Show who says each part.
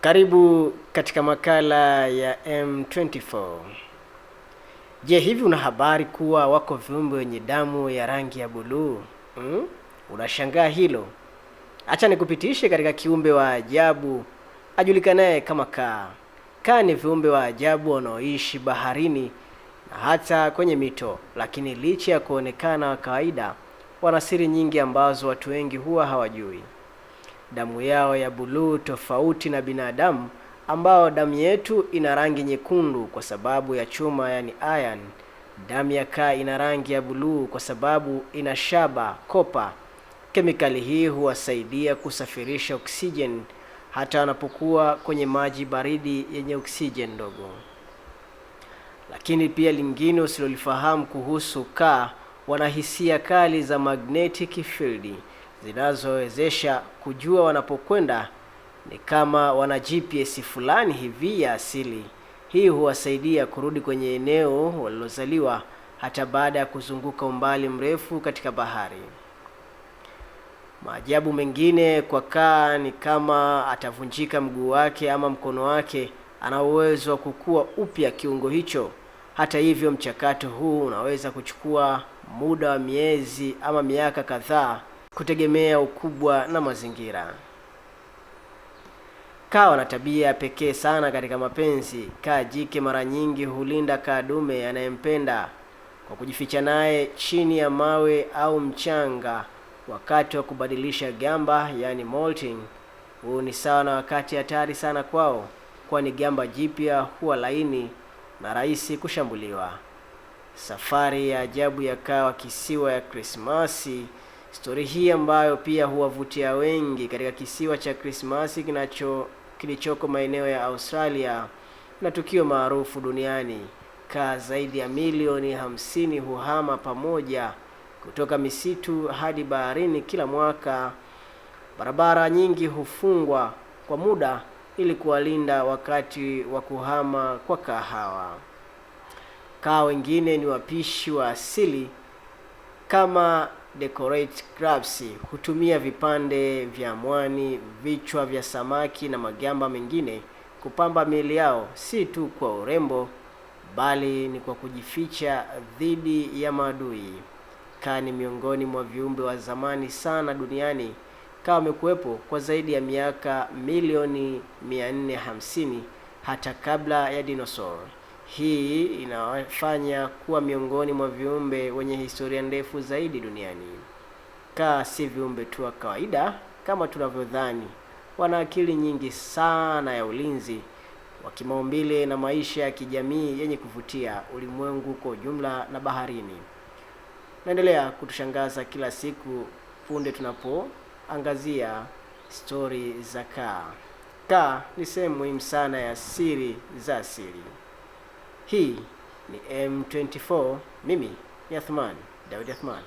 Speaker 1: Karibu katika makala ya M24. Je, hivi una habari kuwa wako viumbe wenye damu ya rangi ya buluu? Hmm? Unashangaa hilo? Acha nikupitishe katika kiumbe wa ajabu ajulikanaye kama kaa. Kaa ni viumbe wa ajabu wanaoishi baharini na hata kwenye mito, lakini licha ya kuonekana wa kawaida, wana siri nyingi ambazo watu wengi huwa hawajui damu yao ya buluu tofauti na binadamu ambao damu yetu ina rangi nyekundu kwa sababu ya chuma yani iron. Damu ya kaa ina rangi ya buluu kwa sababu ina shaba kopa. Kemikali hii huwasaidia kusafirisha oksijen hata wanapokuwa kwenye maji baridi yenye oksijen ndogo. Lakini pia lingine usilolifahamu kuhusu kaa, wanahisia kali za magnetic field zinazowezesha kujua wanapokwenda. Ni kama wana GPS fulani hivi ya asili. Hii huwasaidia kurudi kwenye eneo walilozaliwa hata baada ya kuzunguka umbali mrefu katika bahari. Maajabu mengine kwa kaa ni kama atavunjika mguu wake ama mkono wake, ana uwezo wa kukua upya kiungo hicho. Hata hivyo, mchakato huu unaweza kuchukua muda wa miezi ama miaka kadhaa kutegemea ukubwa na mazingira. Kawa na tabia pekee sana katika mapenzi. Kaa jike mara nyingi hulinda kaa dume anayempenda kwa kujificha naye chini ya mawe au mchanga wakati wa kubadilisha gamba, yani molting. Huu ni sawa na wakati hatari sana kwao, kwani gamba jipya huwa laini na rahisi kushambuliwa. Safari ya ajabu ya kaa wa kisiwa ya Krismasi Stori hii ambayo pia huwavutia wengi katika kisiwa cha Krismasi kinacho kilichoko maeneo ya Australia na tukio maarufu duniani. Kaa zaidi ya milioni hamsini huhama pamoja kutoka misitu hadi baharini kila mwaka. Barabara nyingi hufungwa kwa muda ili kuwalinda wakati wa kuhama kwa kaa hawa. Kaa wengine ni wapishi wa asili kama decorate crabs hutumia vipande vya mwani, vichwa vya samaki na magamba mengine kupamba miili yao, si tu kwa urembo, bali ni kwa kujificha dhidi ya maadui. Kaa ni miongoni mwa viumbe wa zamani sana duniani. Kaa amekuwepo kwa zaidi ya miaka milioni 450 hata kabla ya dinosaur. Hii inawafanya kuwa miongoni mwa viumbe wenye historia ndefu zaidi duniani. Kaa si viumbe tu wa kawaida kama tunavyodhani, wana akili nyingi sana ya ulinzi wa kimaumbile na maisha ya kijamii yenye kuvutia ulimwengu kwa ujumla na baharini. Naendelea kutushangaza kila siku punde tunapoangazia stori za kaa. Kaa ni sehemu muhimu sana ya siri za asili. Hii ni M24, mimi ni Athman Daudi Athman.